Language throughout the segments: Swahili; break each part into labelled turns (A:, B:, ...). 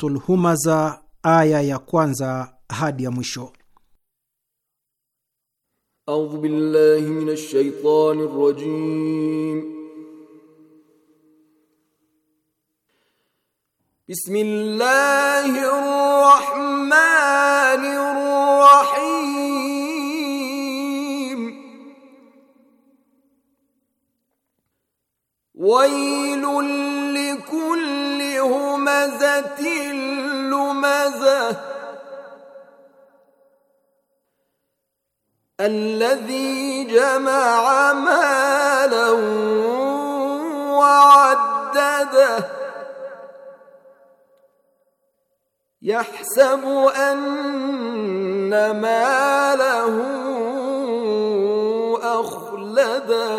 A: Suratul Humaza, aya ya kwanza hadi ya mwisho.
B: A'udhu billahi minash shaitani rajim. Bismillahir rahmanir rahim. Wailul لكل همزة لمزة الذي جمع مالا وعدده يحسب أن ماله أخلده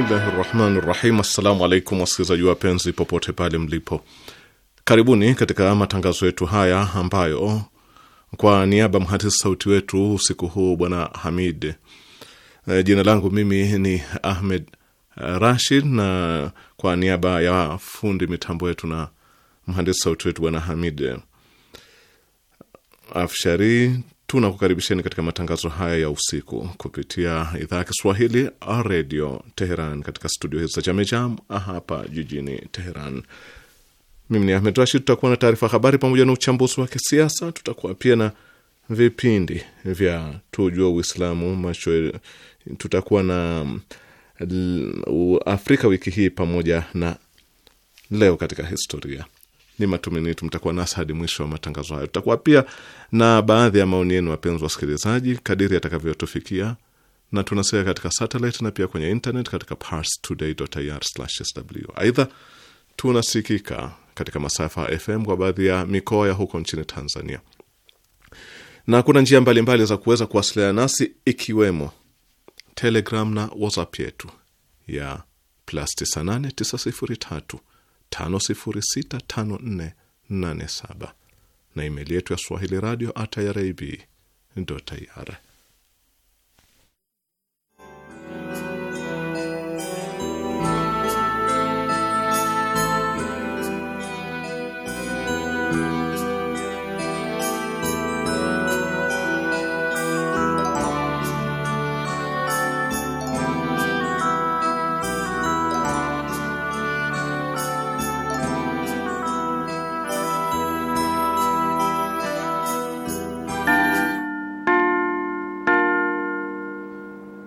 C: Bismillahi rahmani rahim. Assalamu alaikum wasikilizaji wapenzi popote pale mlipo, karibuni katika matangazo yetu haya ambayo kwa niaba mhandisi sauti wetu usiku huu bwana Hamid. E, jina langu mimi ni Ahmed Rashid, na kwa niaba ya fundi mitambo yetu na mhandisi sauti wetu bwana Hamid Afshari Tunakukaribisheni katika matangazo haya ya usiku kupitia idhaa ya Kiswahili redio Teheran katika studio hizi za Jamejam hapa jijini Teheran. Mimi ni Ahmed Rashid. Tutakuwa na taarifa habari pamoja na uchambuzi wa kisiasa. Tutakuwa pia na vipindi vya tujue Uislamu macho, tutakuwa na Afrika wiki hii pamoja na leo katika historia. Ni matumaini yetu mtakuwa nasi hadi mwisho wa matangazo hayo. Tutakuwa pia na baadhi ya maoni yenu, wapenzi wasikilizaji, kadiri yatakavyotufikia, na tunasikia katika satellite na pia kwenye internet katika parstoday.ir/sw. Aidha, tunasikika katika masafa ya FM kwa baadhi ya mikoa ya huko nchini Tanzania, na kuna njia mbalimbali mbali za kuweza kuwasiliana nasi ikiwemo Telegram na WhatsApp yetu ya plus 98 903 5065487 na imeli yetu ya Swahili radio at irib ndo tayari.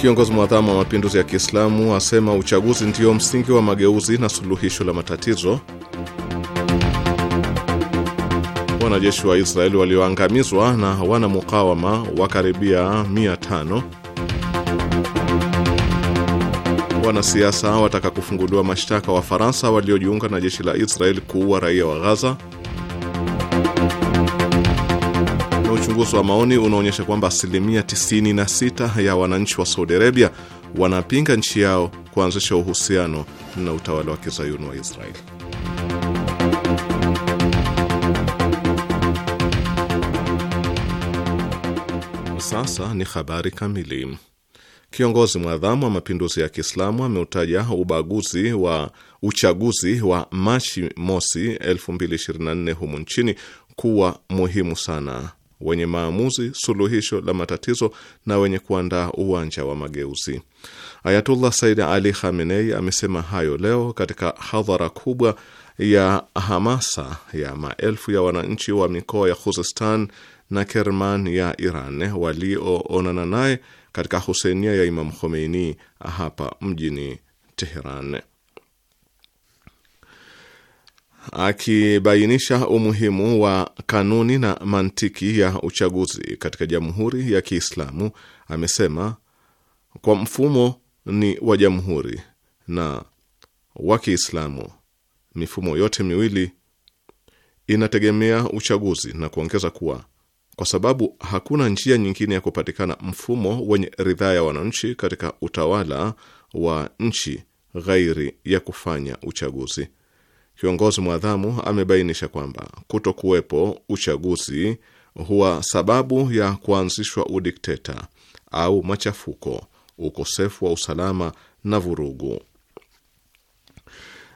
C: Kiongozi mwadhamu wa mapinduzi ya Kiislamu asema uchaguzi ndio msingi wa mageuzi na suluhisho la matatizo. Wanajeshi wa Israeli walioangamizwa na wana mukawama karibia mia tano. Wanasiasa wataka kufunguliwa mashtaka Wafaransa waliojiunga na jeshi la Israeli kuua raia wa Ghaza. Uchunguzi wa maoni unaonyesha kwamba asilimia 96 ya wananchi wa Saudi Arabia wanapinga nchi yao kuanzisha uhusiano na utawala wa kizayuni wa Israeli. Sasa ni habari kamili. Kiongozi mwadhamu wa mapinduzi ya Kiislamu ameutaja ubaguzi wa uchaguzi wa Machi mosi 2024 humu nchini kuwa muhimu sana wenye maamuzi, suluhisho la matatizo na wenye kuandaa uwanja wa mageuzi. Ayatullah Said Ali Khamenei amesema hayo leo katika hadhara kubwa ya hamasa ya maelfu ya wananchi wa mikoa ya Khuzestan na Kerman ya Iran walioonana naye katika husenia ya Imam Khomeini hapa mjini Teheran akibainisha umuhimu wa kanuni na mantiki ya uchaguzi katika Jamhuri ya Kiislamu amesema kwa mfumo ni wa jamhuri na wa Kiislamu, mifumo yote miwili inategemea uchaguzi, na kuongeza kuwa kwa sababu hakuna njia nyingine ya kupatikana mfumo wenye ridhaa ya wananchi katika utawala wa nchi ghairi ya kufanya uchaguzi. Kiongozi mwadhamu amebainisha kwamba kuto kuwepo uchaguzi huwa sababu ya kuanzishwa udikteta au machafuko, ukosefu wa usalama na vurugu,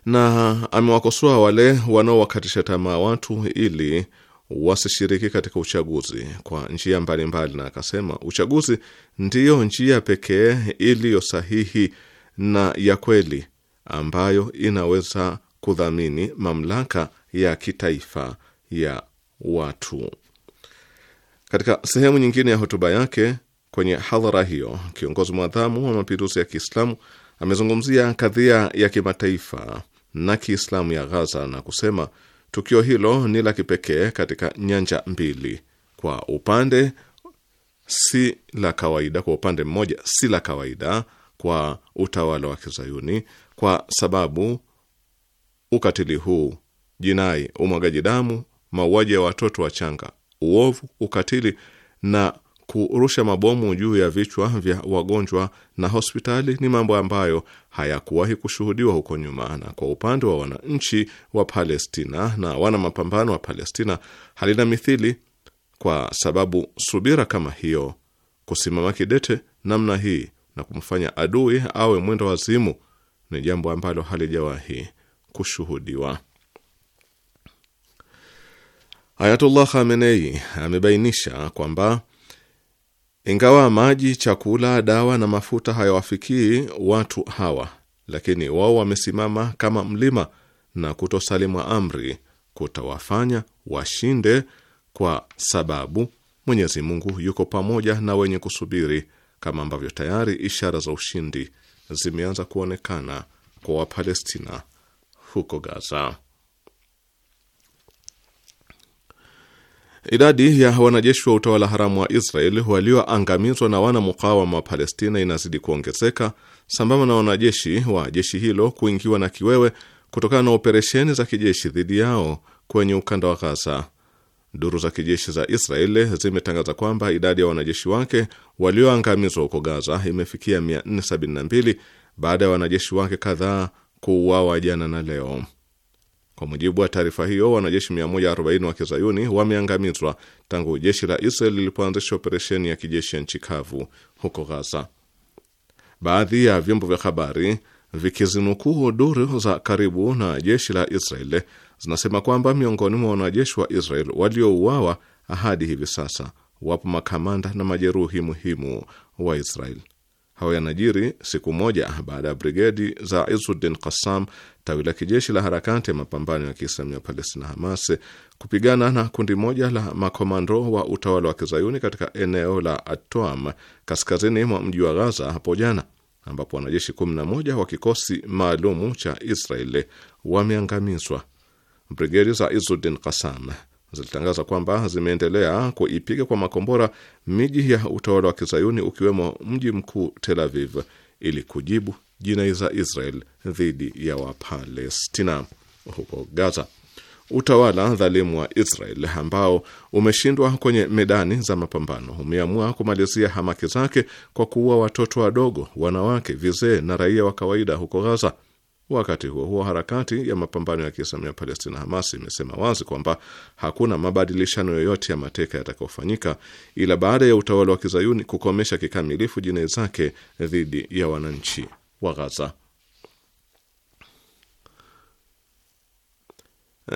C: na amewakosoa wale wanaowakatisha tamaa watu ili wasishiriki katika uchaguzi kwa njia mbalimbali, na akasema uchaguzi ndiyo njia pekee iliyo sahihi na ya kweli ambayo inaweza kudhamini mamlaka ya kitaifa ya watu. Katika sehemu nyingine ya hotuba yake kwenye hadhara hiyo, kiongozi mwadhamu wa mapinduzi ya Kiislamu amezungumzia kadhia ya kimataifa na Kiislamu ya Ghaza na kusema tukio hilo ni la kipekee katika nyanja mbili. Kwa upande si la kawaida, kwa upande mmoja si la kawaida kwa utawala wa Kizayuni kwa sababu ukatili huu, jinai, umwagaji damu, mauaji ya watoto wachanga, uovu, ukatili na kurusha mabomu juu ya vichwa vya wagonjwa na hospitali ni mambo ambayo hayakuwahi kushuhudiwa huko nyuma, na kwa upande wa wananchi wa Palestina na wana mapambano wa Palestina halina mithili, kwa sababu subira kama hiyo, kusimama kidete namna hii na kumfanya adui awe mwendo wazimu ni jambo ambalo halijawahi kushuhudiwa. Ayatullah Khamenei amebainisha kwamba ingawa maji, chakula, dawa na mafuta hayawafikii watu hawa, lakini wao wamesimama kama mlima na kutosalimwa amri kutawafanya washinde, kwa sababu Mwenyezi Mungu yuko pamoja na wenye kusubiri, kama ambavyo tayari ishara za ushindi zimeanza kuonekana kwa Wapalestina huko Gaza. Idadi ya wanajeshi wa utawala haramu wa Israel walioangamizwa na wana mukawama wa Palestina inazidi kuongezeka sambamba na wanajeshi wa jeshi hilo kuingiwa na kiwewe kutokana na operesheni za kijeshi dhidi yao kwenye ukanda wa Gaza. Duru za kijeshi za Israeli zimetangaza kwamba idadi ya wanajeshi wake walioangamizwa huko Gaza imefikia 472 baada ya wanajeshi wake kadhaa kuuawa jana na leo. Kwa mujibu wa taarifa hiyo, wanajeshi 140 wa kizayuni wameangamizwa tangu jeshi la Israel lilipoanzisha operesheni ya kijeshi ya nchi kavu huko Gaza. Baadhi ya vyombo vya habari vikizinukuu duru za karibu na jeshi la Israel zinasema kwamba miongoni mwa wanajeshi wa Israel waliouawa hadi hivi sasa wapo makamanda na majeruhi muhimu wa Israel. Hayo yanajiri siku moja baada ya brigedi za Izuddin Qassam, tawi la kijeshi la harakati ya mapambano ya Kiislamu ya Palestina, Hamas, kupigana na kundi moja la makomando wa utawala wa kizayuni katika eneo la Atoam kaskazini mwa mji wa Ghaza hapo jana, ambapo wanajeshi 11 wa kikosi maalumu cha Israeli wameangamizwa. Brigedi za Izuddin Qassam zilitangaza kwamba zimeendelea kuipiga kwa makombora miji ya utawala wa kizayuni ukiwemo mji mkuu Tel Aviv ili kujibu jinai za Israel dhidi ya Wapalestina huko Gaza. Utawala dhalimu wa Israel ambao umeshindwa kwenye medani za mapambano umeamua kumalizia hamaki zake kwa kuua watoto wadogo, wanawake, vizee na raia wa kawaida huko Gaza. Wakati huo huo, harakati ya mapambano ya Kiislamu ya Palestina, Hamas, imesema wazi kwamba hakuna mabadilishano yoyote ya mateka yatakayofanyika ila baada ya utawala wa kizayuni kukomesha kikamilifu jinai zake dhidi ya wananchi wa Ghaza.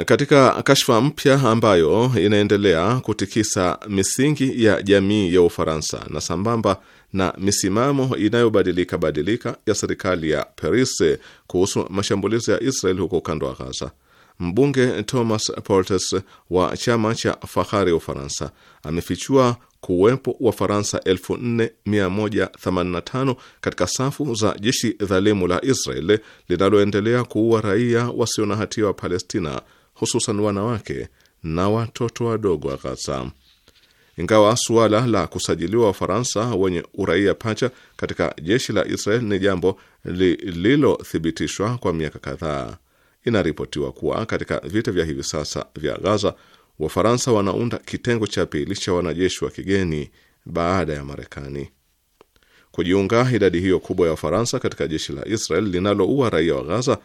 C: Katika kashfa mpya ambayo inaendelea kutikisa misingi ya jamii ya Ufaransa na sambamba na misimamo inayobadilika badilika ya serikali ya Paris kuhusu mashambulizi ya Israel huko ukanda wa Ghaza. Mbunge Thomas Portes wa chama cha fahari ya Ufaransa amefichua kuwepo wa faransa 4185 katika safu za jeshi dhalimu la Israel linaloendelea kuua raia wasio na hatia wa Palestina, hususan wanawake na watoto wadogo wa Ghaza. Ingawa suala la kusajiliwa Wafaransa wenye uraia pacha katika jeshi la Israel ni jambo lililothibitishwa kwa miaka kadhaa, inaripotiwa kuwa katika vita vya hivi sasa vya Gaza, Wafaransa wanaunda kitengo cha pili cha wanajeshi wa kigeni baada ya Marekani. Kujiunga idadi hiyo kubwa ya Wafaransa katika jeshi la Israel linaloua raia wa Gaza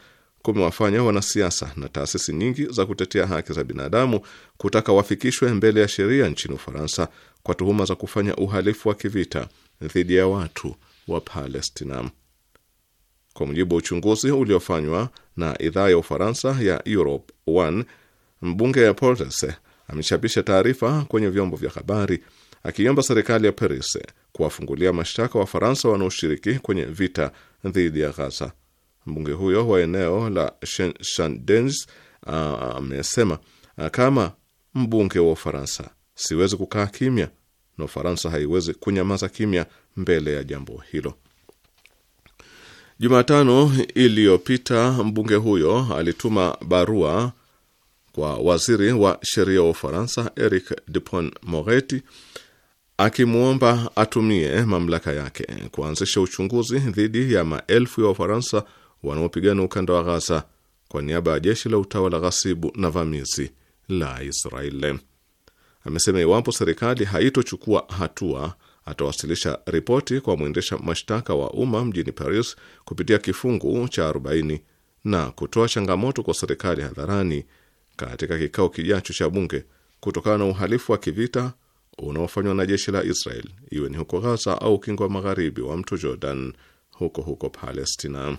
C: kumewafanya wanasiasa na taasisi nyingi za kutetea haki za binadamu kutaka wafikishwe mbele ya sheria nchini Ufaransa kwa tuhuma za kufanya uhalifu wa kivita dhidi ya watu wa Palestina. Kwa mujibu wa uchunguzi uliofanywa na idhaa ya Ufaransa ya Europe 1, mbunge ya Portes amechapisha taarifa kwenye vyombo vya habari akiomba serikali ya Paris kuwafungulia mashtaka Wafaransa wanaoshiriki kwenye vita dhidi ya Ghaza. Mbunge huyo wa eneo la Shandens ah, amesema uh, uh, kama mbunge wa Ufaransa siwezi kukaa kimya na Ufaransa haiwezi kunyamaza kimya mbele ya jambo hilo. Jumatano iliyopita mbunge huyo alituma barua kwa waziri wa sheria wa Ufaransa Eric Dupont Moretti akimwomba atumie mamlaka yake kuanzisha uchunguzi dhidi ya maelfu ya Wafaransa wanaopigana ukanda wa Ghaza kwa niaba ya jeshi la utawala ghasibu na vamizi la Israeli. Amesema iwapo serikali haitochukua hatua, atawasilisha ripoti kwa mwendesha mashtaka wa umma mjini Paris kupitia kifungu cha 40 na kutoa changamoto kwa serikali hadharani katika kikao kijacho cha bunge kutokana na uhalifu wa kivita unaofanywa na jeshi la Israel iwe ni huko Gaza au ukingo wa magharibi wa mto Jordan, huko huko Palestina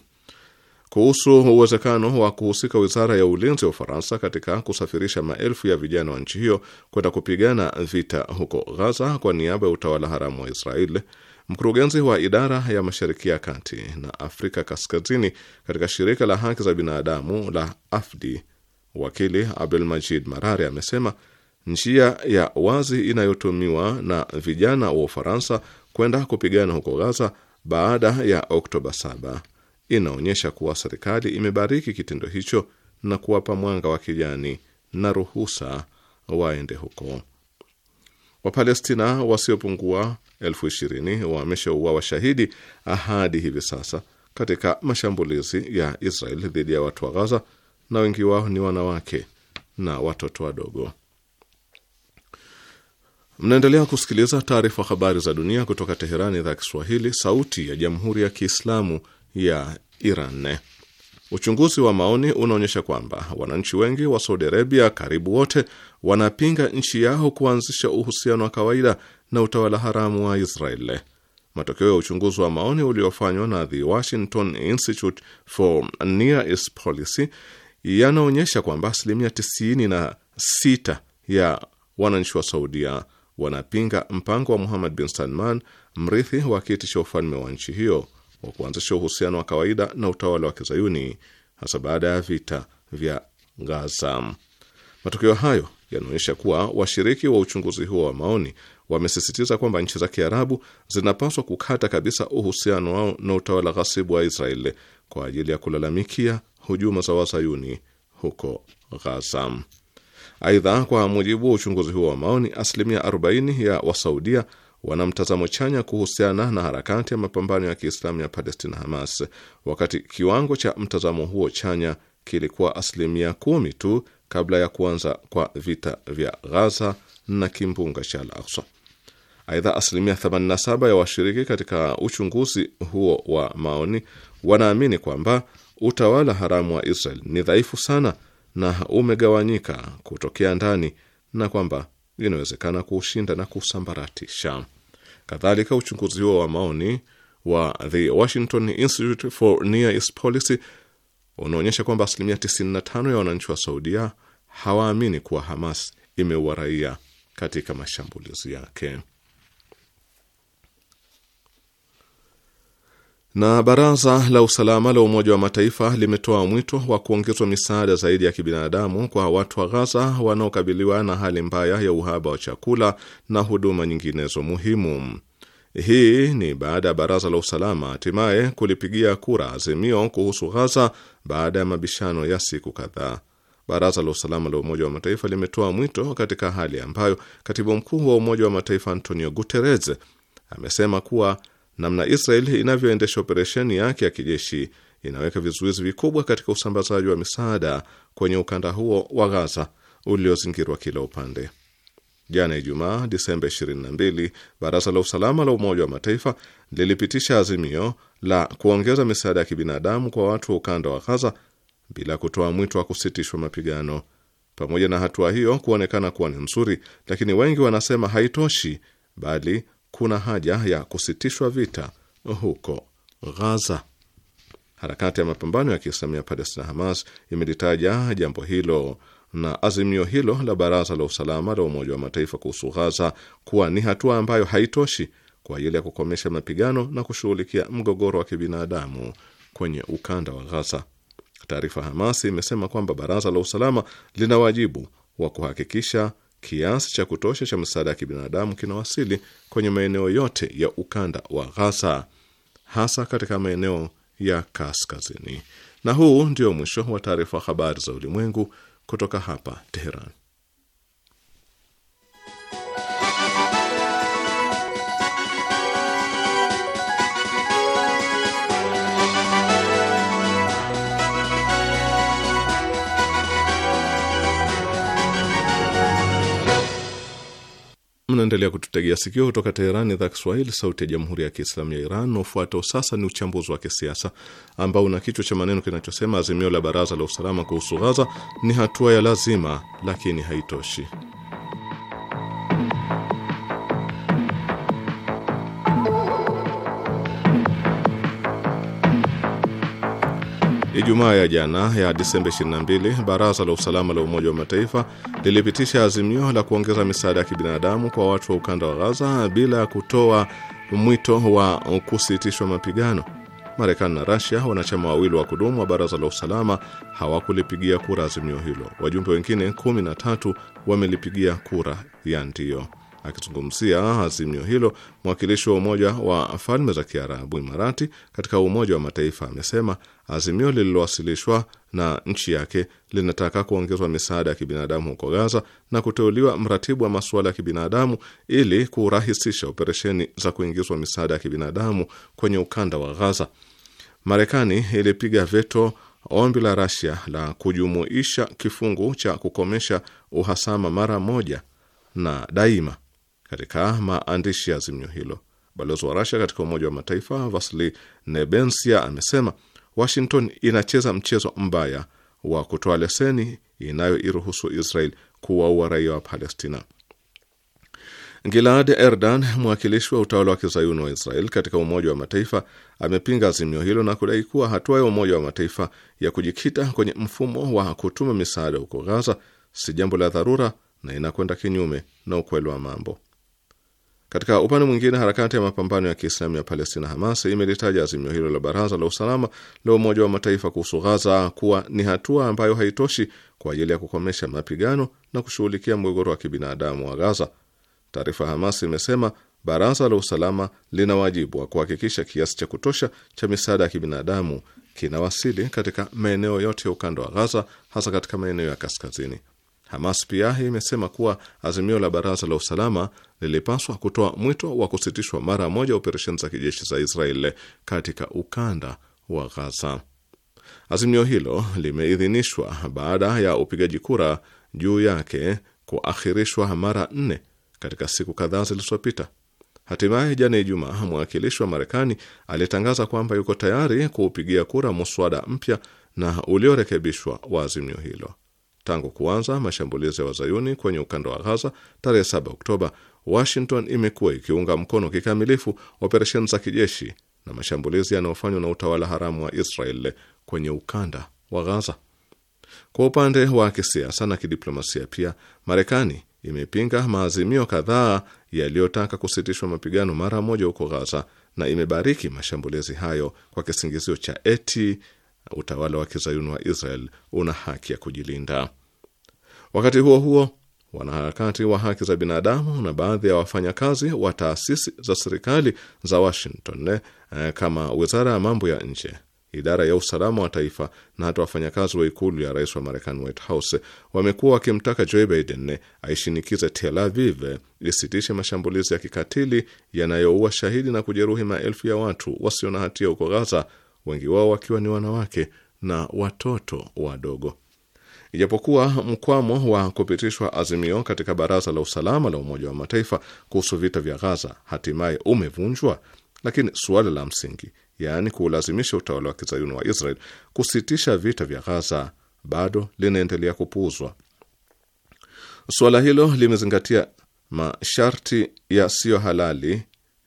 C: kuhusu uwezekano wa kuhusika wizara ya ulinzi ya Ufaransa katika kusafirisha maelfu ya vijana wa nchi hiyo kwenda kupigana vita huko Ghaza kwa niaba ya utawala haramu wa Israeli. Mkurugenzi wa idara ya Mashariki ya Kati na Afrika Kaskazini katika shirika la haki za binadamu la AFDI, wakili Abdul Majid Marari amesema njia ya wazi inayotumiwa na vijana wa Ufaransa kwenda kupigana huko ghaza baada ya Oktoba 7 inaonyesha kuwa serikali imebariki kitendo hicho na kuwapa mwanga wa kijani na ruhusa waende huko. Wapalestina wasiopungua elfu ishirini wameshaua washahidi ahadi hivi sasa katika mashambulizi ya Israel dhidi ya watu wa Gaza, na wengi wao ni wanawake na watoto wadogo. Mnaendelea kusikiliza taarifa habari za dunia kutoka Teherani, idhaa ya Kiswahili, sauti ya jamhuri ya kiislamu ya Iran. Uchunguzi wa maoni unaonyesha kwamba wananchi wengi wa Saudi Arabia, karibu wote, wanapinga nchi yao kuanzisha uhusiano wa kawaida na utawala haramu wa Israel. Matokeo ya uchunguzi wa maoni uliofanywa na The Washington Institute for Near East Policy yanaonyesha kwamba asilimia 96 ya wananchi wa Saudia wanapinga mpango wa Muhammad bin Salman, mrithi wa kiti cha ufalme wa nchi hiyo wa kuanzisha uhusiano wa kawaida na utawala wa kizayuni hasa baada ya vita vya Gaza. Matokeo hayo yanaonyesha kuwa washiriki wa uchunguzi huo wa maoni wamesisitiza kwamba nchi za Kiarabu zinapaswa kukata kabisa uhusiano wao na utawala ghasibu wa Israeli kwa ajili ya kulalamikia hujuma za wazayuni huko Gaza. Aidha, kwa mujibu wa uchunguzi huo wa maoni, asilimia 40 ya wasaudia wana mtazamo chanya kuhusiana na harakati ya mapambano ya Kiislamu ya Palestina, Hamas, wakati kiwango cha mtazamo huo chanya kilikuwa asilimia kumi tu kabla ya kuanza kwa vita vya Ghaza na kimbunga cha Al-Aqsa. Aidha, asilimia 87 ya washiriki katika uchunguzi huo wa maoni wanaamini kwamba utawala haramu wa Israel ni dhaifu sana na umegawanyika kutokea ndani na kwamba inawezekana kuushinda na kusambaratisha. Kadhalika, uchunguzi huo wa maoni wa The Washington Institute for Near East Policy unaonyesha kwamba asilimia 95 ya wananchi wa Saudia hawaamini kuwa Hamas imeua raia katika mashambulizi yake. Na baraza la usalama la Umoja wa Mataifa limetoa mwito wa kuongezwa misaada zaidi ya kibinadamu kwa watu wa Ghaza wanaokabiliwa na hali mbaya ya uhaba wa chakula na huduma nyinginezo muhimu. Hii ni baada ya baraza la usalama hatimaye kulipigia kura azimio kuhusu Ghaza baada ya mabishano ya siku kadhaa. Baraza la usalama la Umoja wa Mataifa limetoa mwito katika hali ambayo katibu mkuu wa Umoja wa Mataifa Antonio Guterres amesema kuwa namna Israeli inavyoendesha operesheni yake ya kijeshi inaweka vizuizi vikubwa katika usambazaji wa misaada kwenye ukanda huo wa Gaza uliozingirwa kila upande. Jana Ijumaa, Disemba 22, Baraza la Usalama la Umoja wa Mataifa lilipitisha azimio la kuongeza misaada ya kibinadamu kwa watu wa ukanda wa Gaza bila kutoa mwito wa kusitishwa mapigano. Pamoja na hatua hiyo kuonekana kuwa ni nzuri, lakini wengi wanasema haitoshi, bali kuna haja ya kusitishwa vita huko Ghaza. Harakati ya mapambano ya Kiislamu ya Palestina, Hamas, imelitaja jambo hilo na azimio hilo la Baraza la Usalama la Umoja wa Mataifa kuhusu Ghaza kuwa ni hatua ambayo haitoshi kwa ajili ya kukomesha mapigano na kushughulikia mgogoro wa kibinadamu kwenye ukanda wa Ghaza. Taarifa Hamas imesema kwamba Baraza la Usalama lina wajibu wa kuhakikisha kiasi cha kutosha cha msaada ya kibinadamu kinawasili kwenye maeneo yote ya ukanda wa Ghaza, hasa katika maeneo ya kaskazini. Na huu ndio mwisho wa taarifa habari za ulimwengu kutoka hapa Teheran. Mnaendelea kututegea sikio kutoka Teherani, idhaa Kiswahili, sauti ya jamhuri ya kiislamu ya Iran. Na ufuatao sasa ni uchambuzi wa kisiasa ambao una kichwa cha maneno kinachosema azimio la baraza la usalama kuhusu Ghaza ni hatua ya lazima lakini haitoshi. Ijumaa ya jana ya Disemba 22, Baraza la Usalama la Umoja wa Mataifa lilipitisha azimio la kuongeza misaada ya kibinadamu kwa watu wa ukanda wa Gaza bila ya kutoa mwito wa kusitishwa mapigano. Marekani na Rasia, wanachama wawili wa kudumu wa Baraza la Usalama, hawakulipigia kura azimio hilo. Wajumbe wengine 13 wamelipigia kura ya ndio. Akizungumzia azimio hilo, mwakilishi wa Umoja wa Falme za Kiarabu Imarati katika Umoja wa Mataifa amesema Azimio lililowasilishwa na nchi yake linataka kuongezwa misaada ya kibinadamu huko Gaza na kuteuliwa mratibu wa masuala ya kibinadamu ili kurahisisha operesheni za kuingizwa misaada ya kibinadamu kwenye ukanda wa Gaza. Marekani ilipiga veto ombi la Rasia la kujumuisha kifungu cha kukomesha uhasama mara moja na daima katika maandishi ya azimio hilo. Balozi wa Rasia katika Umoja wa Mataifa Vasili Nebensia amesema Washington inacheza mchezo mbaya wa kutoa leseni inayoiruhusu Israel kuwaua raia wa Palestina. Gilad Erdan, mwakilishi wa utawala wa kizayuni wa Israel katika Umoja wa Mataifa, amepinga azimio hilo na kudai kuwa hatua ya Umoja wa Mataifa ya kujikita kwenye mfumo wa kutuma misaada huko Gaza si jambo la dharura na inakwenda kinyume na ukweli wa mambo. Katika upande mwingine, harakati ya mapambano ya Kiislamu ya Palestina, Hamas, imelitaja azimio hilo la Baraza la Usalama la Umoja wa Mataifa kuhusu Ghaza kuwa ni hatua ambayo haitoshi kwa ajili ya kukomesha mapigano na kushughulikia mgogoro wa kibinadamu wa Gaza. Taarifa ya Hamas imesema Baraza la Usalama lina wajibu wa kuhakikisha kiasi cha kutosha cha misaada ya kibinadamu kinawasili katika maeneo yote ya ukanda wa Gaza, hasa katika maeneo ya kaskazini. Hamas pia imesema kuwa azimio la Baraza la Usalama lilipaswa kutoa mwito wa kusitishwa mara moja operesheni za kijeshi za Israel katika ukanda wa Gaza. Azimio hilo limeidhinishwa baada ya upigaji kura juu yake kuahirishwa mara nne katika siku kadhaa zilizopita. Hatimaye jana Ijumaa, mwakilishi wa Marekani alitangaza kwamba yuko tayari kuupigia kura muswada mpya na uliorekebishwa wa azimio hilo. Tangu kuanza mashambulizi ya wazayuni kwenye ukanda wa Ghaza tarehe 7 Oktoba, Washington imekuwa ikiunga mkono kikamilifu operesheni za kijeshi na mashambulizi yanayofanywa na utawala haramu wa Israel kwenye ukanda wa Gaza. Kwa upande wa kisiasa na kidiplomasia pia, Marekani imepinga maazimio kadhaa yaliyotaka kusitishwa mapigano mara moja huko Gaza na imebariki mashambulizi hayo kwa kisingizio cha eti utawala wa kizayuni wa Israel una haki ya kujilinda. Wakati huo huo wanaharakati wa haki za binadamu na baadhi ya wafanyakazi wa taasisi za serikali za Washington eh, kama wizara ya mambo ya nje, idara ya usalama wa taifa na hata wafanyakazi wa ikulu ya rais wa Marekani, White House, wamekuwa wakimtaka Joe Biden eh, aishinikize Tel Aviv eh, isitishe mashambulizi ya kikatili yanayoua shahidi na kujeruhi maelfu ya watu wasio na hatia huko Gaza, wengi wao wakiwa ni wanawake na watoto wadogo. Ijapokuwa mkwamo wa kupitishwa azimio katika Baraza la Usalama la Umoja wa Mataifa kuhusu vita vya Ghaza hatimaye umevunjwa, lakini suala la msingi, yaani kuulazimisha utawala wa kizayuni wa Israel kusitisha vita vya Ghaza, bado linaendelea kupuuzwa. Suala hilo limezingatia masharti yasiyo halali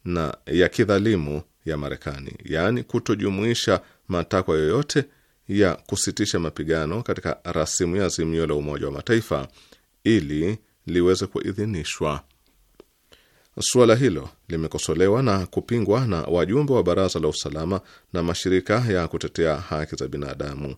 C: na ya kidhalimu ya Marekani, yaani kutojumuisha matakwa yoyote ya kusitisha mapigano katika rasimu ya azimio la Umoja wa Mataifa ili liweze kuidhinishwa. Suala hilo limekosolewa na kupingwa na wajumbe wa Baraza la Usalama na mashirika ya kutetea haki za binadamu.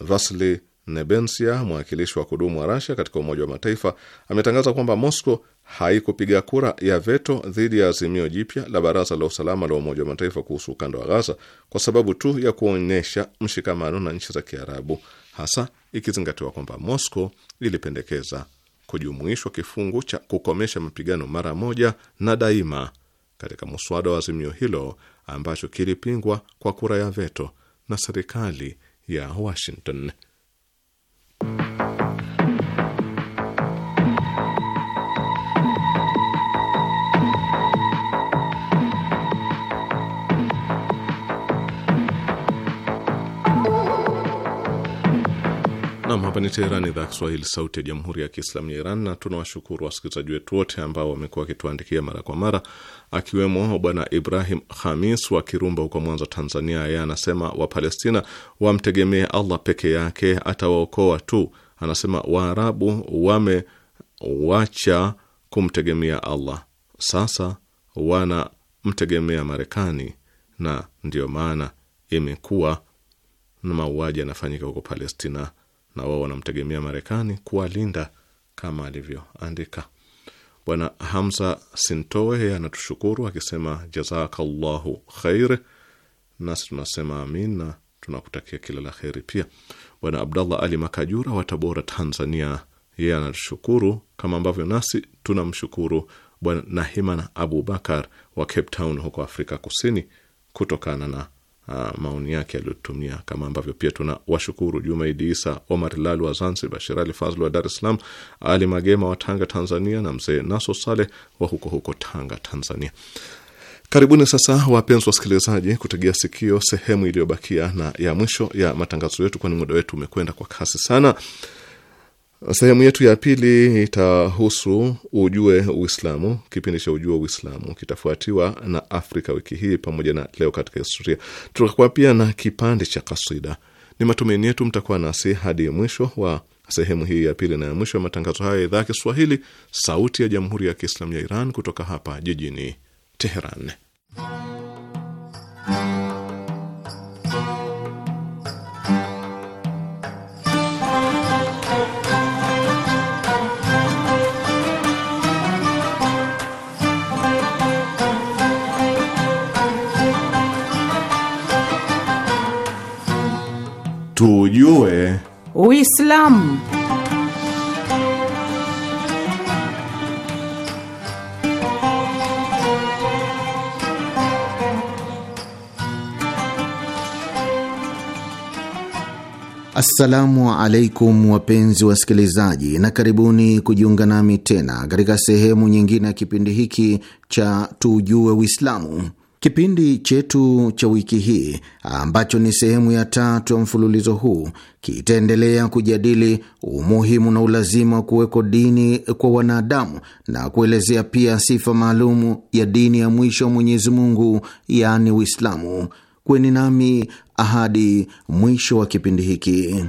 C: vasli Nebensia, mwakilishi wa kudumu wa Rasia katika Umoja wa Mataifa, ametangaza kwamba Moscow haikupiga kura ya veto dhidi ya azimio jipya la Baraza la Usalama la Umoja wa Mataifa kuhusu ukanda wa Gaza kwa sababu tu ya kuonyesha mshikamano na nchi za Kiarabu, hasa ikizingatiwa kwamba Moscow ilipendekeza kujumuishwa kifungu cha kukomesha mapigano mara moja na daima katika muswada wa azimio hilo ambacho kilipingwa kwa kura ya veto na serikali ya Washington. Nam, hapa ni Teherani, idhaa ya Kiswahili, sauti ya jamhuri ya kiislamu ya Iran. Na tunawashukuru wasikilizaji wetu wote ambao wamekuwa wakituandikia mara kwa mara, akiwemo Bwana Ibrahim Hamis wa Kirumba huko Mwanza, Tanzania. Yeye anasema Wapalestina wamtegemee Allah peke yake, atawaokoa tu. Anasema Waarabu wamewacha kumtegemea Allah, sasa wanamtegemea Marekani na ndiyo maana imekuwa na mauaji yanafanyika huko Palestina na wao wanamtegemea Marekani kuwalinda kama alivyoandika. Bwana Hamza Sintowe anatushukuru akisema jazakallahu khair, nasi tunasema amin na tunakutakia kila la kheri. Pia Bwana Abdallah Ali Makajura wa Tabora, Tanzania, yeye anatushukuru kama ambavyo nasi tunamshukuru Bwana Nahiman Abubakar wa Cape Town huko Afrika Kusini kutokana na uh, maoni yake aliyotumia, kama ambavyo pia tuna washukuru Jumaidi Isa Omar Lalu wa Zanzibar, shirali Fazl wa Dar es Salaam, Ali Magema wa Tanga Tanzania na mzee Naso Saleh wa huko huko Tanga Tanzania. Karibuni sasa wapenzi wasikilizaji, kutegea sikio sehemu iliyobakia na ya mwisho ya matangazo yetu, kwani muda wetu umekwenda kwa kasi sana. Sehemu yetu ya pili itahusu ujue Uislamu. Kipindi cha ujue Uislamu kitafuatiwa na Afrika wiki hii pamoja na leo katika historia. Tutakuwa pia na kipande cha kasida. Ni matumaini yetu mtakuwa nasi hadi mwisho wa sehemu hii ya pili na ya mwisho ya matangazo haya ya idhaa ya Kiswahili, Sauti ya Jamhuri ya Kiislamu ya Iran, kutoka hapa jijini Teheran. Tujue Uislamu.
D: Assalamu alaikum wapenzi wasikilizaji, na karibuni kujiunga nami tena katika sehemu nyingine ya kipindi hiki cha Tujue Uislamu. Kipindi chetu cha wiki hii ambacho ni sehemu ya tatu ya mfululizo huu kitaendelea kujadili umuhimu na ulazima wa kuweko dini kwa wanadamu na kuelezea pia sifa maalumu ya dini ya mwisho wa Mwenyezi Mungu, yaani Uislamu. Kweni nami ahadi mwisho wa kipindi hiki.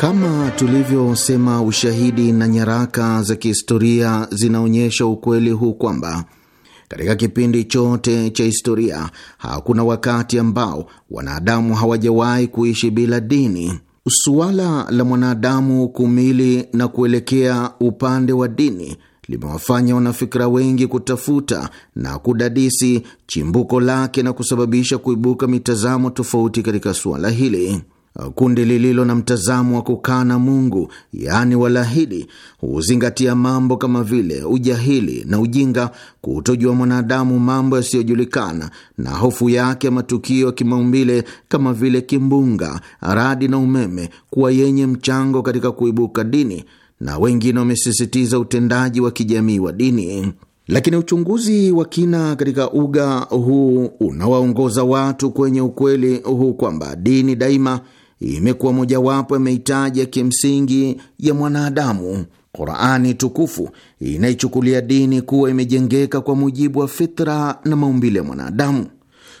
D: Kama tulivyosema, ushahidi na nyaraka za kihistoria zinaonyesha ukweli huu kwamba katika kipindi chote cha historia hakuna wakati ambao wanadamu hawajawahi kuishi bila dini. Suala la mwanadamu kumili na kuelekea upande wa dini limewafanya wanafikira wengi kutafuta na kudadisi chimbuko lake na kusababisha kuibuka mitazamo tofauti katika suala hili. Kundi lililo na mtazamo wa kukana Mungu, yaani walahidi, huzingatia mambo kama vile ujahili na ujinga, kutojua mwanadamu mambo yasiyojulikana, na hofu yake ya matukio ya kimaumbile kama vile kimbunga, radi na umeme, kuwa yenye mchango katika kuibuka dini, na wengine wamesisitiza utendaji wa kijamii wa dini. Lakini uchunguzi wa kina katika uga huu unawaongoza watu kwenye ukweli huu kwamba dini daima imekuwa mojawapo ya mahitaji ya kimsingi ya mwanadamu. Qurani tukufu inaichukulia dini kuwa imejengeka kwa mujibu wa fitra na maumbile ya mwanadamu,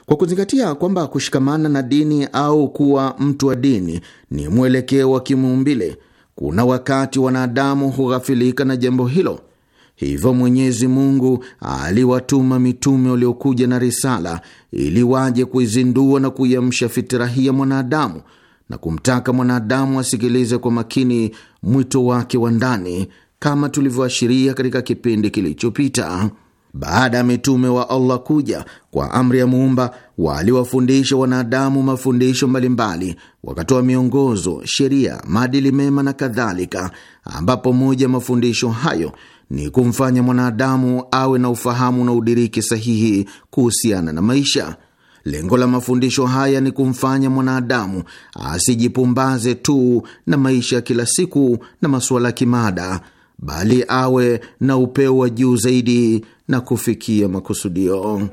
D: kwa kuzingatia kwamba kushikamana na dini au kuwa mtu wa dini ni mwelekeo wa kimuumbile. Kuna wakati wanadamu hughafilika na jambo hilo, hivyo Mwenyezi Mungu aliwatuma mitume waliokuja na risala ili waje kuizindua na kuiamsha fitira hii ya mwanadamu na kumtaka mwanadamu asikilize kwa makini mwito wake wa ndani, kama tulivyoashiria katika kipindi kilichopita. Baada ya mitume wa Allah kuja kwa amri ya Muumba, waliwafundisha wanadamu mafundisho mbalimbali, wakatoa miongozo, sheria, maadili mema na kadhalika, ambapo moja ya mafundisho hayo ni kumfanya mwanadamu awe na ufahamu na udiriki sahihi kuhusiana na maisha. Lengo la mafundisho haya ni kumfanya mwanadamu asijipumbaze tu na maisha ya kila siku na masuala ya kimada, bali awe na upeo wa juu zaidi na kufikia makusudio.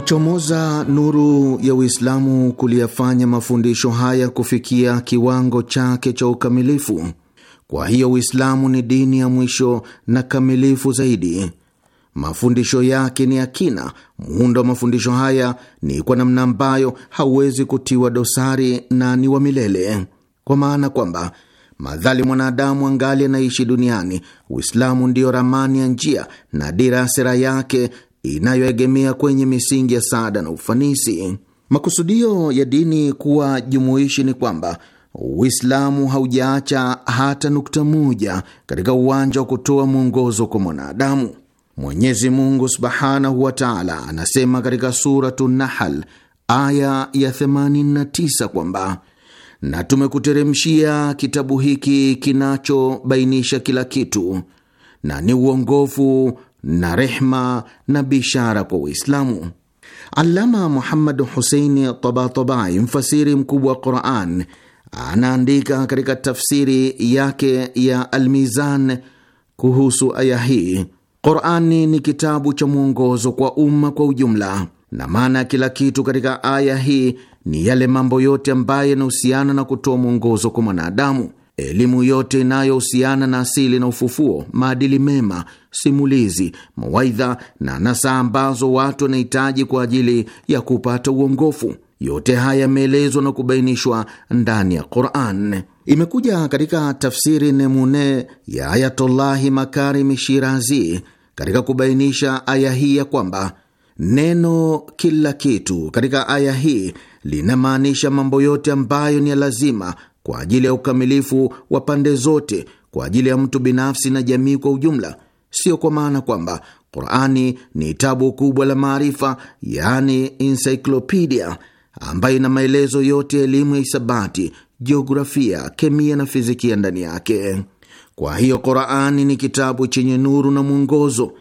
D: Kuchomoza nuru ya Uislamu kuliyafanya mafundisho haya kufikia kiwango chake cha ukamilifu. Kwa hiyo Uislamu ni dini ya mwisho na kamilifu zaidi. Mafundisho yake ni ya kina. Muundo wa mafundisho haya ni kwa namna ambayo hauwezi kutiwa dosari na ni wa milele, kwa maana kwamba madhali mwanadamu angali anaishi duniani, Uislamu ndiyo ramani ya njia na dira ya sera yake inayoegemea kwenye misingi ya saada na ufanisi. Makusudio ya dini kuwa jumuishi ni kwamba Uislamu haujaacha hata nukta moja katika uwanja wa kutoa mwongozo kwa mwanadamu. Mwenyezi Mungu subhanahu wa taala anasema katika Suratu Nahal aya ya 89 kwamba na tumekuteremshia kitabu hiki kinachobainisha kila kitu na ni uongofu na rehma na bishara kwa Uislamu. alama Muhammad Huseini Tabatabai, mfasiri mkubwa wa Quran, anaandika katika tafsiri yake ya Almizan kuhusu aya hii: Qurani ni kitabu cha mwongozo kwa umma kwa ujumla, na maana ya kila kitu katika aya hii ni yale mambo yote ambayo yanahusiana na kutoa mwongozo kwa mwanadamu Elimu yote inayohusiana na asili na ufufuo, maadili mema, simulizi, mawaidha na nasaa ambazo watu wanahitaji kwa ajili ya kupata uongofu, yote haya yameelezwa na kubainishwa ndani ya Quran. Imekuja katika tafsiri Nemune ya Ayatollahi Makarimi Shirazi katika kubainisha aya hii ya kwamba neno kila kitu katika aya hii linamaanisha mambo yote ambayo ni ya lazima kwa ajili ya ukamilifu wa pande zote, kwa ajili ya mtu binafsi na jamii kwa ujumla, sio kwa maana kwamba Qurani ni tabu kubwa la maarifa, yani encyclopedia ambayo ina maelezo yote ya elimu ya hisabati, jiografia, kemia na fizikia ndani yake. Kwa hiyo Qurani ni kitabu chenye nuru na mwongozo,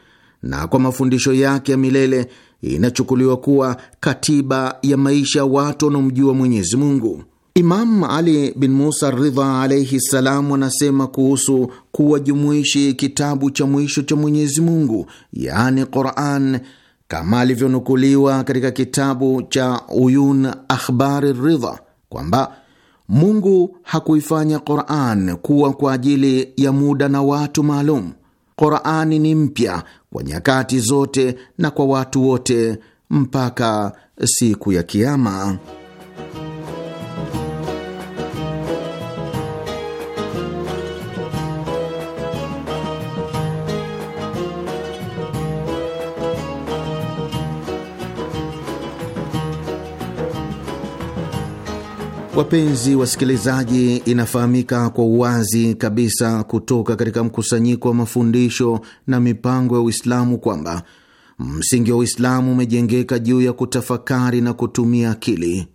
D: na kwa mafundisho yake ya milele inachukuliwa kuwa katiba ya maisha ya watu wanaomjua Mwenyezi Mungu. Imam Ali bin Musa Ridha alaihi ssalam anasema kuhusu kuwajumuishi kitabu cha mwisho cha Mwenyezi Mungu, yaani Quran, kama alivyonukuliwa katika kitabu cha Uyun Akhbari Ridha kwamba Mungu hakuifanya Quran kuwa kwa ajili ya muda na watu maalum. Qurani ni mpya kwa nyakati zote na kwa watu wote mpaka siku ya Kiama. Wapenzi wasikilizaji, inafahamika kwa uwazi kabisa kutoka katika mkusanyiko wa mafundisho na mipango ya Uislamu kwamba msingi wa Uislamu umejengeka juu ya kutafakari na kutumia akili.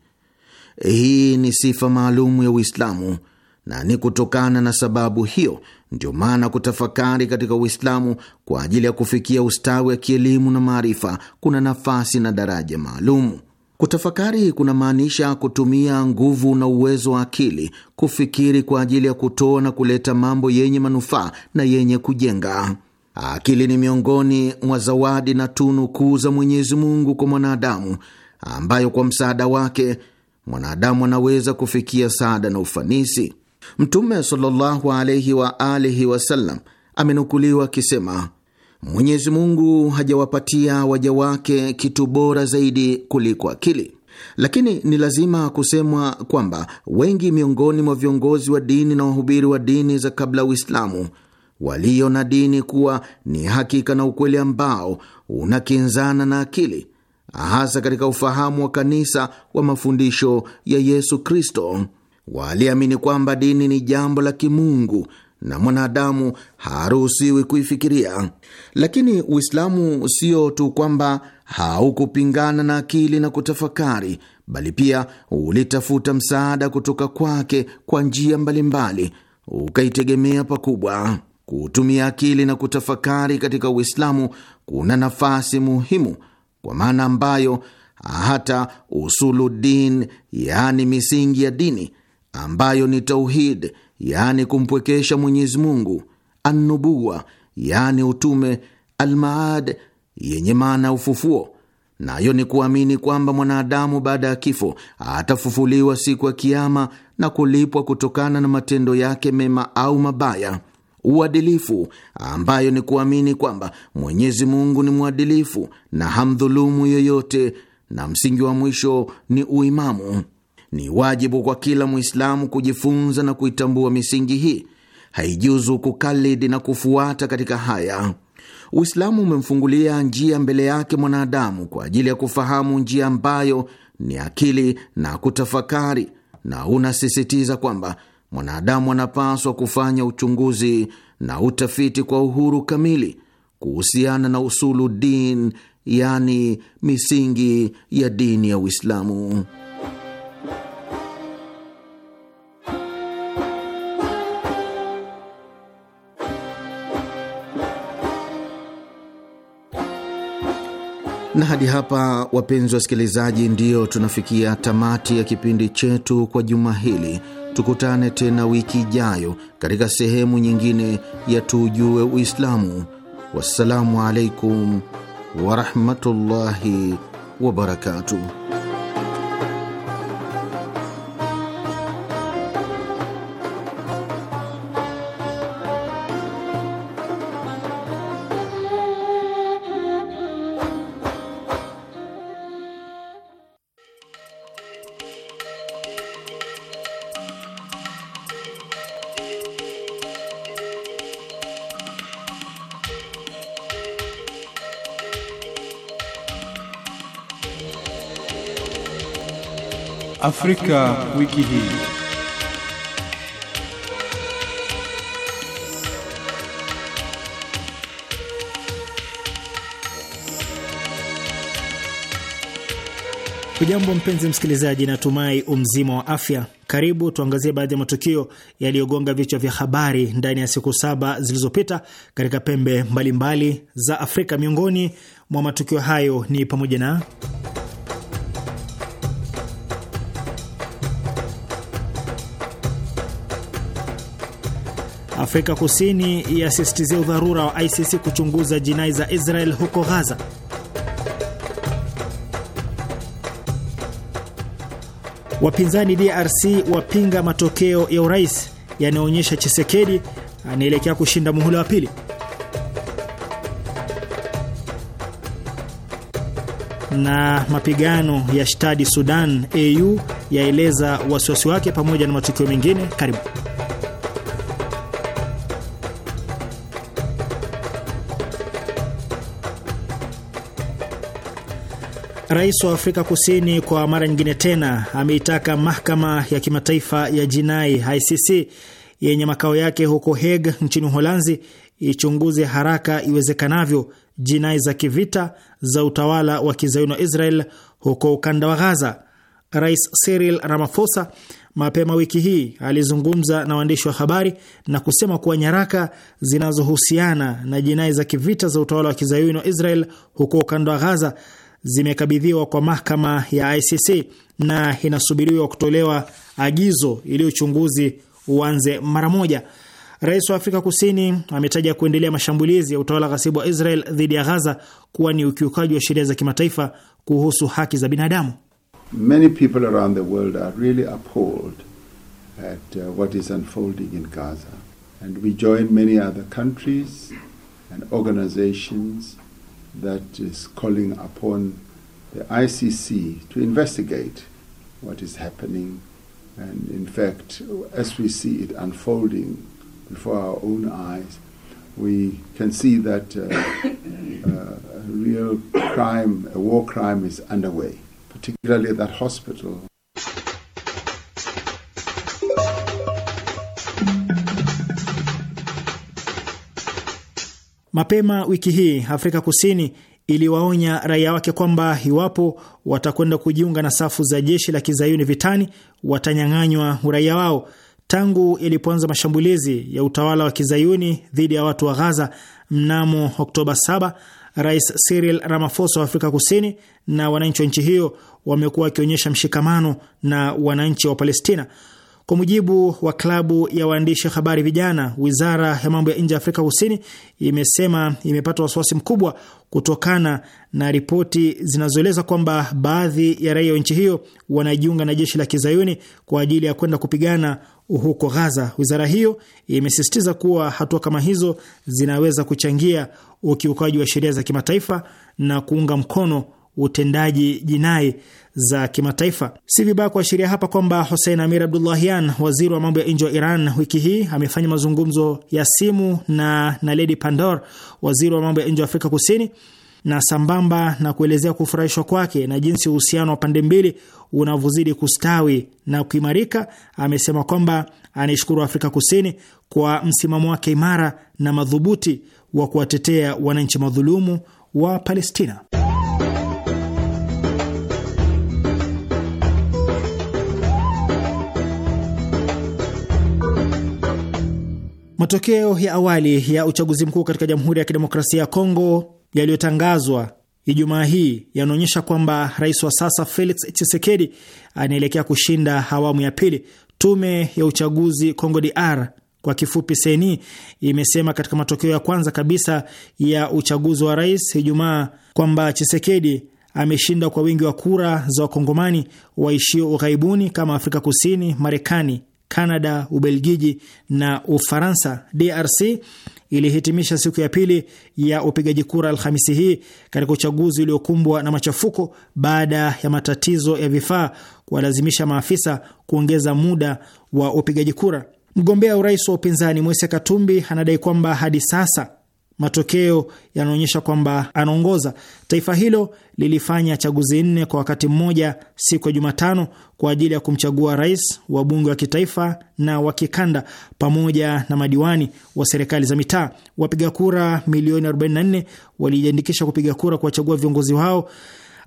D: Hii ni sifa maalumu ya Uislamu na ni kutokana na sababu hiyo ndio maana kutafakari katika Uislamu kwa ajili ya kufikia ustawi wa kielimu na maarifa kuna nafasi na daraja maalumu Kutafakari kunamaanisha kutumia nguvu na uwezo wa akili kufikiri kwa ajili ya kutoa na kuleta mambo yenye manufaa na yenye kujenga. Akili ni miongoni mwa zawadi na tunu kuu za Mwenyezi Mungu kwa mwanadamu, ambayo kwa msaada wake mwanadamu anaweza kufikia saada na ufanisi. Mtume sallallahu alaihi wa alihi wasallam amenukuliwa akisema Mwenyezi Mungu hajawapatia waja wake kitu bora zaidi kuliko akili, lakini ni lazima kusemwa kwamba wengi miongoni mwa viongozi wa dini na wahubiri wa dini za kabla Uislamu walio na dini kuwa ni hakika na ukweli ambao unakinzana na akili, hasa katika ufahamu wa kanisa wa mafundisho ya Yesu Kristo. Waliamini kwamba dini ni jambo la kimungu na mwanadamu haruhusiwi kuifikiria. Lakini Uislamu sio tu kwamba haukupingana na akili na kutafakari, bali pia ulitafuta msaada kutoka kwake kwa njia mbalimbali, ukaitegemea pakubwa. Kutumia akili na kutafakari katika Uislamu kuna nafasi muhimu, kwa maana ambayo hata usuludin yaani misingi ya dini ambayo ni tauhid yani kumpwekesha Mwenyezi Mungu, annubuwa yani utume, almaad yenye maana ufufuo, nayo ni kuamini kwamba mwanadamu baada ya kifo atafufuliwa siku ya Kiama na kulipwa kutokana na matendo yake mema au mabaya. Uadilifu ambayo ni kuamini kwamba Mwenyezi Mungu ni mwadilifu na hamdhulumu yoyote, na msingi wa mwisho ni uimamu. Ni wajibu kwa kila Mwislamu kujifunza na kuitambua misingi hii. Haijuzu kukalidi na kufuata katika haya. Uislamu umemfungulia njia mbele yake mwanadamu kwa ajili ya kufahamu njia ambayo ni akili na kutafakari, na unasisitiza kwamba mwanadamu anapaswa kufanya uchunguzi na utafiti kwa uhuru kamili kuhusiana na usulu din, yani misingi ya dini ya Uislamu. Na hadi hapa, wapenzi wasikilizaji, ndio tunafikia tamati ya kipindi chetu kwa juma hili. Tukutane tena wiki ijayo katika sehemu nyingine ya Tuujue Uislamu. Wassalamu alaikum warahmatullahi wabarakatuh.
A: Afrika, wiki hii.
E: Hujambo mpenzi msikilizaji, natumai umzima wa afya. Karibu tuangazie baadhi ya matukio yaliyogonga vichwa vya habari ndani ya siku saba zilizopita katika pembe mbalimbali mbali za Afrika. Miongoni mwa matukio hayo ni pamoja na Afrika Kusini yasisitizia udharura wa ICC kuchunguza jinai za Israel huko Gaza. Wapinzani DRC wapinga matokeo ya urais yanayoonyesha Chisekedi anaelekea kushinda muhula wa pili. Na mapigano ya shtadi Sudan, AU yaeleza wasiwasi wake pamoja na matukio mengine. Karibu. Rais wa Afrika Kusini kwa mara nyingine tena ameitaka mahakama ya kimataifa ya jinai ICC yenye makao yake huko Hague nchini Uholanzi ichunguze haraka iwezekanavyo jinai za kivita za utawala wa kizayuni wa Israel huko ukanda wa Gaza. Rais Cyril Ramaphosa mapema wiki hii alizungumza na waandishi wa habari na kusema kuwa nyaraka zinazohusiana na jinai za kivita za utawala wa kizayuni wa Israel huko ukanda wa Gaza zimekabidhiwa kwa mahakama ya ICC na inasubiriwa kutolewa agizo ili uchunguzi uanze mara moja. Rais wa Afrika Kusini ametaja kuendelea mashambulizi ya utawala ghasibu wa Israel dhidi ya Ghaza kuwa ni ukiukaji wa sheria za kimataifa kuhusu haki za binadamu.
C: Many people around the world are really appalled at uh, what is unfolding in Gaza and we join many other countries and organizations that is calling upon the ICC to investigate what is happening. And in fact, as we see it unfolding before our own eyes, we can see that uh, uh, a real crime, a war crime, is underway, particularly that hospital
E: Mapema wiki hii Afrika Kusini iliwaonya raia wake kwamba iwapo watakwenda kujiunga na safu za jeshi la kizayuni vitani watanyang'anywa uraia wao. Tangu ilipoanza mashambulizi ya utawala wa kizayuni dhidi ya watu wa Ghaza mnamo Oktoba 7, Rais Cyril Ramaphosa wa Afrika Kusini na wananchi wa nchi hiyo wamekuwa wakionyesha mshikamano na wananchi wa Palestina. Kwa mujibu wa klabu ya waandishi habari vijana, wizara ya mambo ya nje ya Afrika Kusini imesema imepata wasiwasi mkubwa kutokana na ripoti zinazoeleza kwamba baadhi ya raia wa nchi hiyo wanajiunga na jeshi la kizayuni kwa ajili ya kwenda kupigana huko ghaza Wizara hiyo imesisitiza kuwa hatua kama hizo zinaweza kuchangia ukiukaji wa sheria za kimataifa na kuunga mkono utendaji jinai za kimataifa. Si vibaya kuashiria hapa kwamba Hussein Amir Abdullahian, waziri wa mambo ya nje wa Iran, wiki hii amefanya mazungumzo ya simu na Naledi Pandor, waziri wa mambo ya nje wa Afrika Kusini, na sambamba na kuelezea kufurahishwa kwake na jinsi uhusiano wa pande mbili unavyozidi kustawi na kuimarika, amesema kwamba anaishukuru Afrika Kusini kwa msimamo wake imara na madhubuti wa kuwatetea wananchi madhulumu wa Palestina. Matokeo ya awali ya uchaguzi mkuu katika Jamhuri ya Kidemokrasia ya Kongo yaliyotangazwa Ijumaa hii yanaonyesha kwamba rais wa sasa Felix Tshisekedi anaelekea kushinda awamu ya pili. Tume ya uchaguzi Congo DR kwa kifupi seni imesema katika matokeo ya kwanza kabisa ya uchaguzi wa rais Ijumaa kwamba Chisekedi ameshinda kwa wingi wa kura za wakongomani waishio ughaibuni kama Afrika Kusini, Marekani, Canada, Ubelgiji na Ufaransa. DRC ilihitimisha siku ya pili ya upigaji kura Alhamisi hii katika uchaguzi uliokumbwa na machafuko baada ya matatizo ya vifaa kuwalazimisha maafisa kuongeza muda wa upigaji kura. Mgombea urais wa upinzani Moise Katumbi anadai kwamba hadi sasa matokeo yanaonyesha kwamba anaongoza. Taifa hilo lilifanya chaguzi nne kwa wakati mmoja siku ya Jumatano kwa ajili ya kumchagua rais, wabunge wa kitaifa na wa kikanda, pamoja na madiwani wa serikali za mitaa. Wapiga kura milioni 44 walijiandikisha kupiga kura kuwachagua viongozi wao,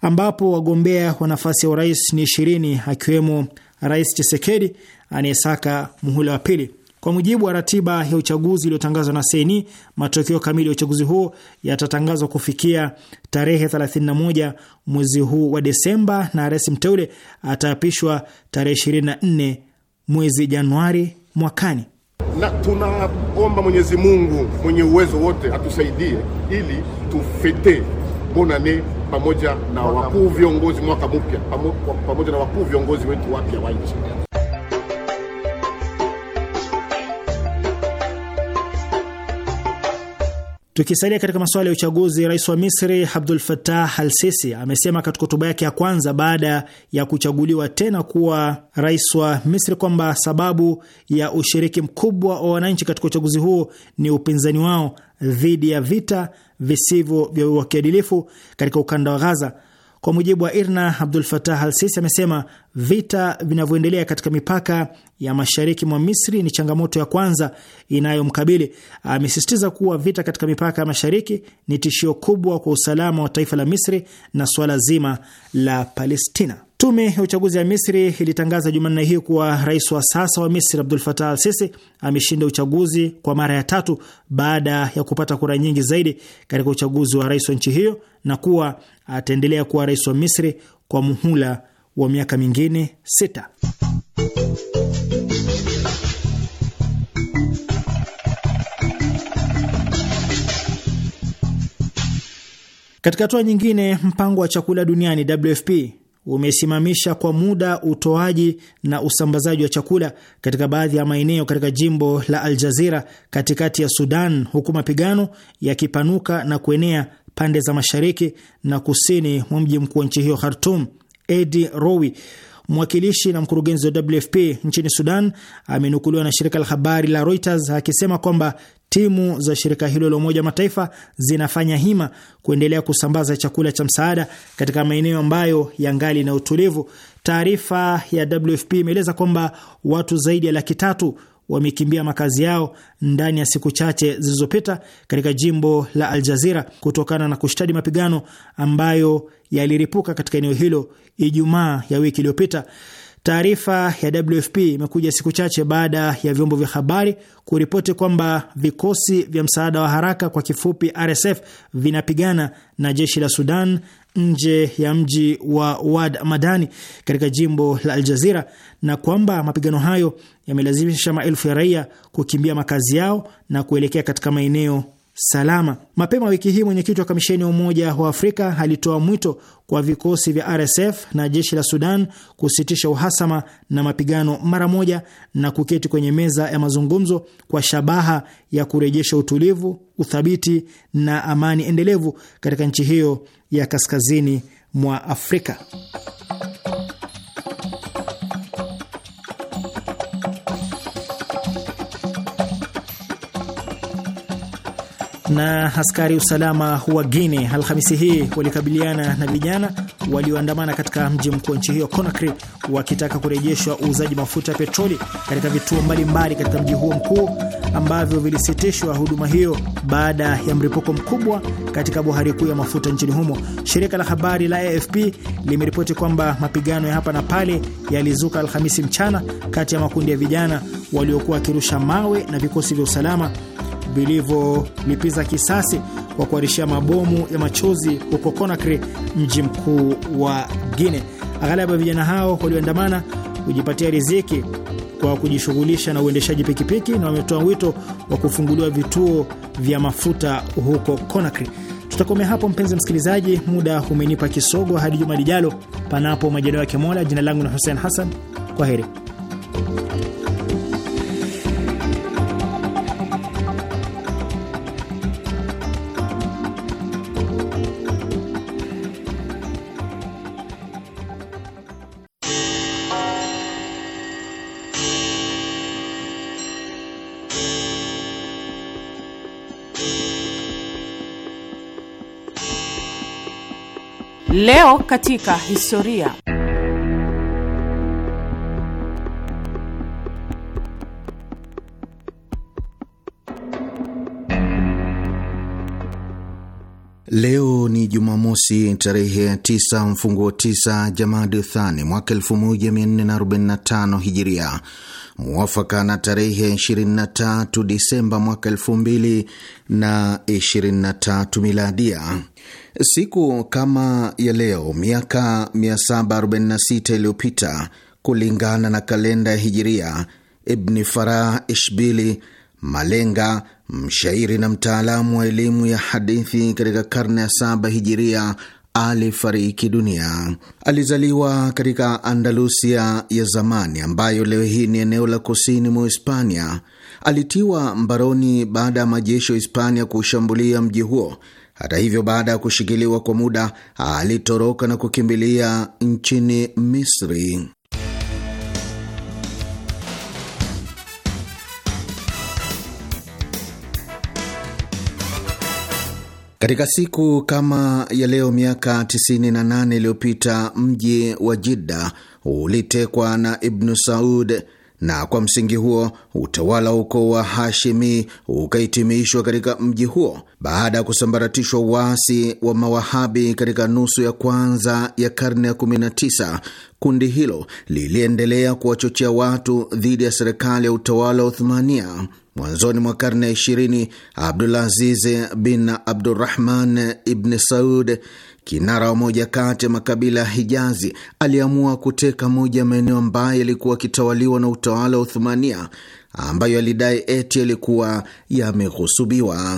E: ambapo wagombea wa nafasi ya urais ni ishirini, akiwemo Rais Chisekedi anayesaka muhula wa pili. Kwa mujibu wa ratiba ya uchaguzi iliyotangazwa na Seni, matokeo kamili ya uchaguzi huo yatatangazwa kufikia tarehe 31 mwezi huu wa Desemba, na rais mteule ataapishwa tarehe 24 mwezi Januari
C: mwakani. Na tunaomba Mwenyezi Mungu mwenye uwezo wote atusaidie ili tufete bonane pamoja na wakuu viongozi mwaka mpya pamoja na wakuu viongozi wetu wapya wa nchi.
E: Tukisalia katika masuala ya uchaguzi, rais wa Misri Abdul fatah Al Sisi amesema katika hotuba yake ya kwanza baada ya kuchaguliwa tena kuwa rais wa Misri kwamba sababu ya ushiriki mkubwa wa wananchi katika uchaguzi huo ni upinzani wao dhidi ya vita visivyo vya wakiadilifu katika ukanda wa Ghaza. Kwa mujibu wa IRNA, Abdul fatah Al Sisi amesema Vita vinavyoendelea katika mipaka ya mashariki mwa Misri ni changamoto ya kwanza inayomkabili. Amesisitiza kuwa vita katika mipaka ya mashariki ni tishio kubwa kwa usalama wa taifa la Misri na suala zima la Palestina. Tume ya uchaguzi ya Misri ilitangaza Jumanne hii kuwa rais wa sasa wa Misri Abdul Fatah Al Sisi ameshinda uchaguzi kwa mara ya tatu baada ya kupata kura nyingi zaidi katika uchaguzi wa rais wa nchi hiyo na kuwa ataendelea kuwa rais wa Misri kwa muhula wa miaka mingine sita. Katika hatua nyingine, mpango wa chakula duniani WFP umesimamisha kwa muda utoaji na usambazaji wa chakula katika baadhi ya maeneo katika jimbo la Al Jazira katikati ya Sudan, huku mapigano yakipanuka na kuenea pande za mashariki na kusini mwa mji mkuu wa nchi hiyo Khartum. Edi Rowi, mwakilishi na mkurugenzi wa WFP nchini Sudan, amenukuliwa na shirika la habari la Reuters akisema kwamba timu za shirika hilo la Umoja Mataifa zinafanya hima kuendelea kusambaza chakula cha msaada katika maeneo ambayo yangali na utulivu. Taarifa ya WFP imeeleza kwamba watu zaidi ya laki tatu wamekimbia makazi yao ndani ya siku chache zilizopita katika jimbo la Aljazira kutokana na kushtadi mapigano ambayo yaliripuka katika eneo hilo Ijumaa ya wiki iliyopita. Taarifa ya WFP imekuja siku chache baada ya vyombo vya habari kuripoti kwamba vikosi vya msaada wa haraka kwa kifupi RSF vinapigana na jeshi la Sudan nje ya mji wa Wad Madani katika jimbo la Aljazira na kwamba mapigano hayo yamelazimisha maelfu ya raia kukimbia makazi yao na kuelekea katika maeneo salama. Mapema wiki hii mwenyekiti wa kamisheni ya Umoja wa Afrika alitoa mwito kwa vikosi vya RSF na jeshi la Sudan kusitisha uhasama na mapigano mara moja na kuketi kwenye meza ya mazungumzo kwa shabaha ya kurejesha utulivu, uthabiti na amani endelevu katika nchi hiyo ya kaskazini mwa Afrika. na askari usalama wa Guinea Alhamisi hii walikabiliana na vijana walioandamana katika mji mkuu wa nchi hiyo Conakry, wakitaka kurejeshwa uuzaji mafuta ya petroli katika vituo mbalimbali katika mji huo mkuu ambavyo vilisitishwa huduma hiyo baada ya mlipuko mkubwa katika bohari kuu ya mafuta nchini humo. Shirika la habari la AFP limeripoti kwamba mapigano ya hapa na pale yalizuka Alhamisi mchana kati ya makundi ya vijana waliokuwa wakirusha mawe na vikosi vya usalama vilivyolipiza kisasi kwa kuarishia mabomu ya machozi huko Conakry, mji mkuu wa guine Aghalabu ya vijana hao walioandamana hujipatia riziki kwa kujishughulisha na uendeshaji pikipiki na wametoa wito wa kufunguliwa vituo vya mafuta huko Conakry. Tutakomea hapo mpenzi msikilizaji, muda umenipa kisogo. Hadi juma lijalo, panapo majaliwa ya Mola. Jina langu ni Hussein Hassan, kwa heri.
F: Leo katika historia.
D: Leo ni Jumamosi, tarehe ya tisa mfunguo tisa Jamadi Thani mwaka 1445 Hijiria, mwafaka na tarehe 23 Disemba mwaka 2023 Miladia. Siku kama ya leo miaka 746 iliyopita kulingana na kalenda ya Hijiria, Ibni Farah Ishbili, malenga mshairi na mtaalamu wa elimu ya hadithi katika karne ya saba Hijiria, alifariki dunia. Alizaliwa katika Andalusia ya zamani ambayo leo hii ni eneo la kusini mwa Hispania. Alitiwa mbaroni baada ya majeshi ya Hispania kuushambulia mji huo hata hivyo, baada ya kushikiliwa kwa muda alitoroka na kukimbilia nchini Misri. Katika siku kama ya leo miaka 98 iliyopita mji wa Jidda ulitekwa na Ibnu Saud na kwa msingi huo utawala uko wa Hashimi ukahitimishwa katika mji huo baada ya kusambaratishwa uasi wa Mawahabi katika nusu ya kwanza ya karne ya 19. Kundi hilo liliendelea kuwachochea watu dhidi ya serikali ya utawala wa Uthmania. Mwanzoni mwa karne ya 20, Abdulaziz bin Abdurrahman ibn Saud kinara wa moja kati ya makabila ya Hijazi aliamua kuteka moja ya maeneo ambayo yalikuwa akitawaliwa na utawala wa Uthumania, ambayo alidai eti yalikuwa yameghusubiwa.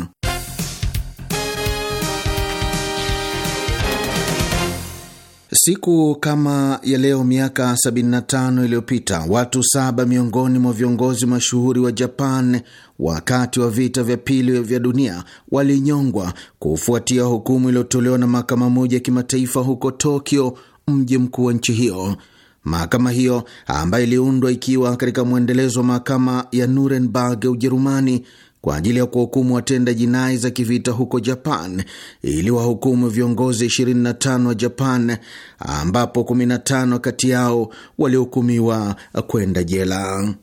D: Siku kama ya leo miaka 75 iliyopita watu saba miongoni mwa viongozi mashuhuri wa Japan wakati wa vita vya pili vya dunia walinyongwa kufuatia hukumu iliyotolewa na mahakama moja ya kimataifa huko Tokyo, mji mkuu wa nchi hiyo. Mahakama hiyo ambayo iliundwa ikiwa katika mwendelezo wa mahakama ya Nuremberg ya Ujerumani kwa ajili ya kuwahukumu watenda jinai za kivita huko Japan ili wahukumu viongozi 25 wa Japan, ambapo 15 kati yao walihukumiwa kwenda jela.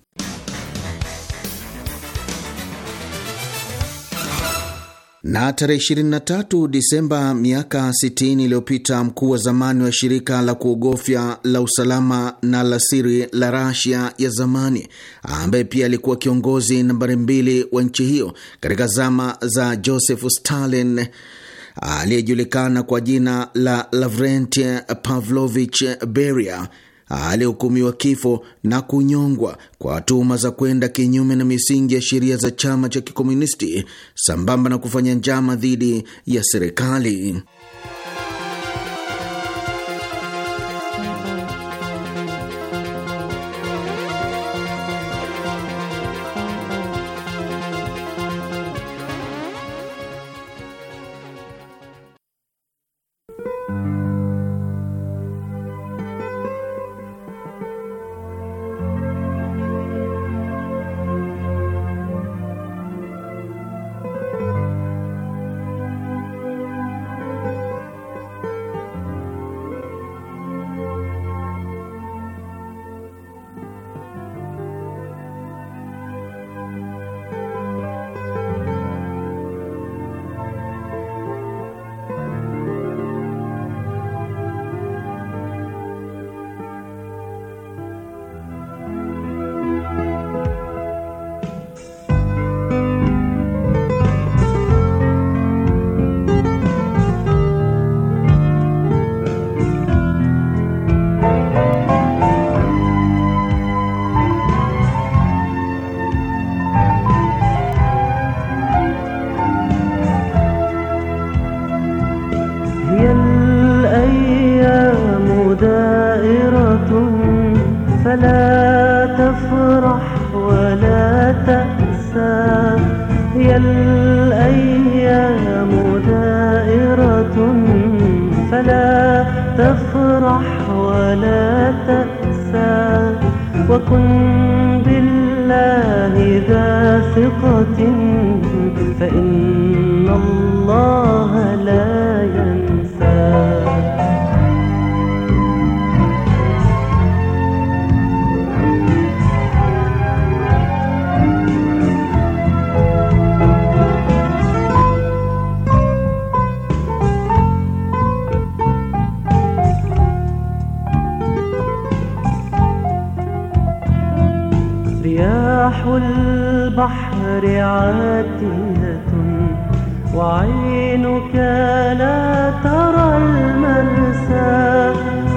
D: Na tarehe 23 Disemba miaka 60 iliyopita, mkuu wa zamani wa shirika la kuogofya la usalama na la siri la Rasia ya zamani ambaye pia alikuwa kiongozi nambari mbili wa nchi hiyo katika zama za Joseph Stalin aliyejulikana kwa jina la Lavrent Pavlovich Beria alihukumiwa kifo na kunyongwa kwa tuhuma za kwenda kinyume na misingi ya sheria za chama cha Kikomunisti sambamba na kufanya njama dhidi ya serikali.
F: فلا تفرح ولا تأسى يا الأيام دائرة فلا تفرح ولا تأسى وكن بالله ذا ثقة فإن الله لا يأسى النار عاتية وعينك لا ترى المرسى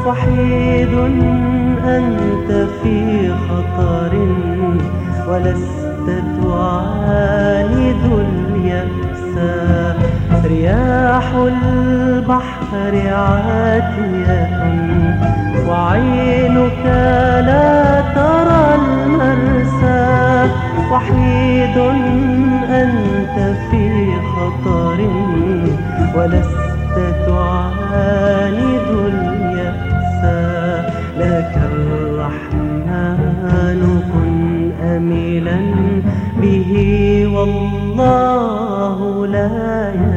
F: وحيد أنت في خطر ولست تعاند اليأس رياح البحر عاتية وعينك لا ترى وحيد أنت في خطر ولست تعاند اليأس لك الرحمن كن أملا به والله لا يأس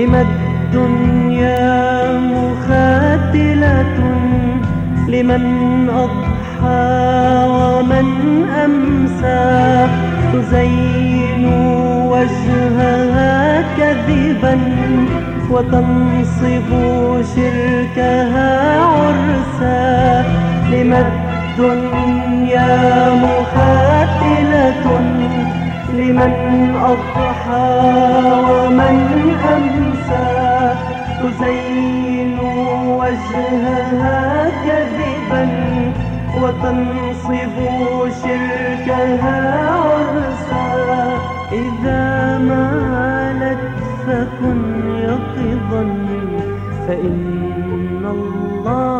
F: لما الدنيا مخاتلة لمن أضحى ومن أمسى تزين وجهها كذبا وتنصب شركها عرسا لما الدنيا مخاتلة لمن أضحى ومن أمسى تزين وجهها كذبا وتنصب شركها عرسا إذا مالت فكن يقظا فإن
G: الله